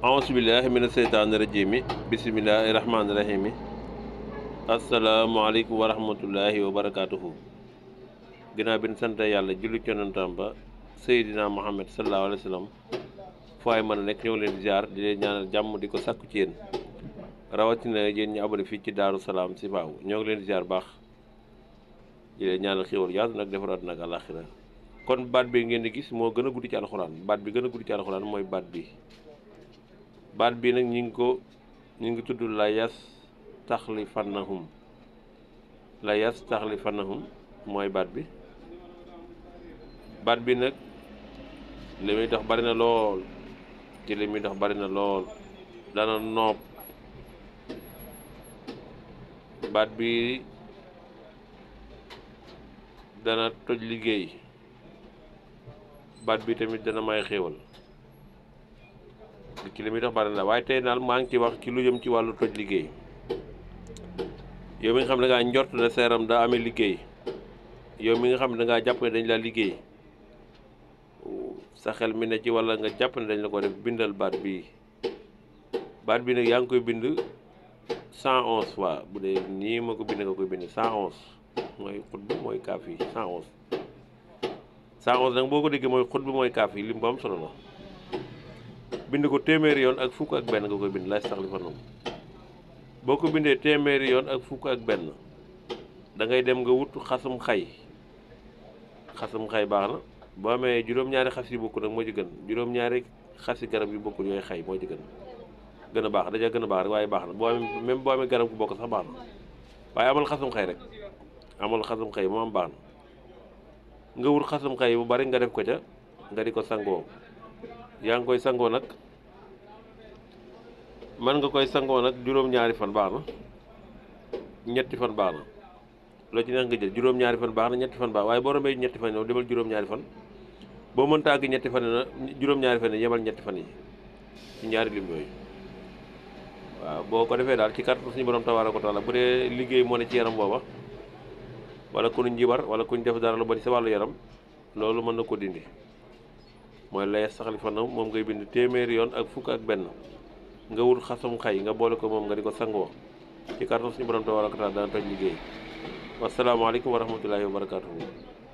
ahousubillahi mina seytaani rajimi bisimillahi rahmaani rahimi asalaamualeykum wa rahmatullahi wa barakatuhu ginnaaw bi ñu sant yàlla julli conantam ba Seydina Muhammad sallallahu alayhi wa sallam fooy mën a nekk ñoo leen ziar di leen ñaanal jàmm di ko sàkku ci yéen rawatina yéen ñu abale fii ci Daaru Salaam si baaw ñoo ngi leen ziar baax di leen ñaanal xéwal yaatu nag defaraat nag àlaxira kon baat bi ngeen di gis moo gën a guddi ci alxuraan baat bi gën a guddi ci mooy baat bi baat bi nag ñi ngi ko ñu ngi tudd la taxli yastaxlifannahum la yastaxlifannahum mooy baat bi baat bi nag li muy dox bari na lool ci li muy dox bari na lool dana noob baat bi dana toj liggéey baat bi tamit dana may xéewal ci li muy dox bari na waaye tey daal maa ngi ci wax ci lu jëm ci wàllu toj liggéey yow mi nga xam ne dangaa njort ne sa yaram daa amee liggéey yow mi nga xam ne dangaa jàpp ne dañ la liggéey sa xel mi ne ci walla nga dañ la ko def bindal baat bi baat bi nag yaa ngi koy bind cent onze fois bu dee nii ma ko bind nga koy bind cent onze mooy xut bi mooy kaaf yi cent onze nag boo ko déggee mooy xut bi mooy kaaf yi lim bu am solo la bind ko téeméeri yoon ak fukk ak benn nga koy bind laaj sax li fa noonu boo ko bindee téeméeri yoon ak fukk ak benn dangay dem nga wut xasum xay xasum xay baax na boo amee juróom-ñaari xas yu bokk nag moo ci gën juróom-ñaari xasi garab yu bokkul yooyu xay moo ci gën gën a baax dajaa gën a baax rek waaye baax na boo amee même boo amee garab gu bokk sax baax na waaye amal xasum xay rek amal xasum xay moom am baax na nga wut xasum xay bu bari nga def ko ca nga di ko sangoo yaa ngi koy sangoo nag mën nga koy sangoo nag juróom-ñaari fan baax na ñetti fan baax na loo ci neex nga jël juróom-ñaari fan baax na ñetti fan baax waaye boo rombee ñetti fan yow demal juróom-ñaari fan boo mën tàgg ñetti fan na juróom-ñaari yi yemal ñetti fan yi ci ñaari lim yooyu waaw boo ko defee daal ci kàttan suñu borom ko wa taala bu dee liggéey moo ne ci yaram booba wala ku ñu jibar wala ku ñu def dara lu bari sa wàllu yaram loolu mën na ko dindi. mooy layas saxali fanam moom ngay bind téeméer yoon ak fukk ak benn nga wut xasam xay nga boole ko moom nga di ko sangoo ci kàttan suñu borom tabaaraka wa taala dana toj liggéey wasalaamaaleykum wa rahmatullahi wa barakatuhu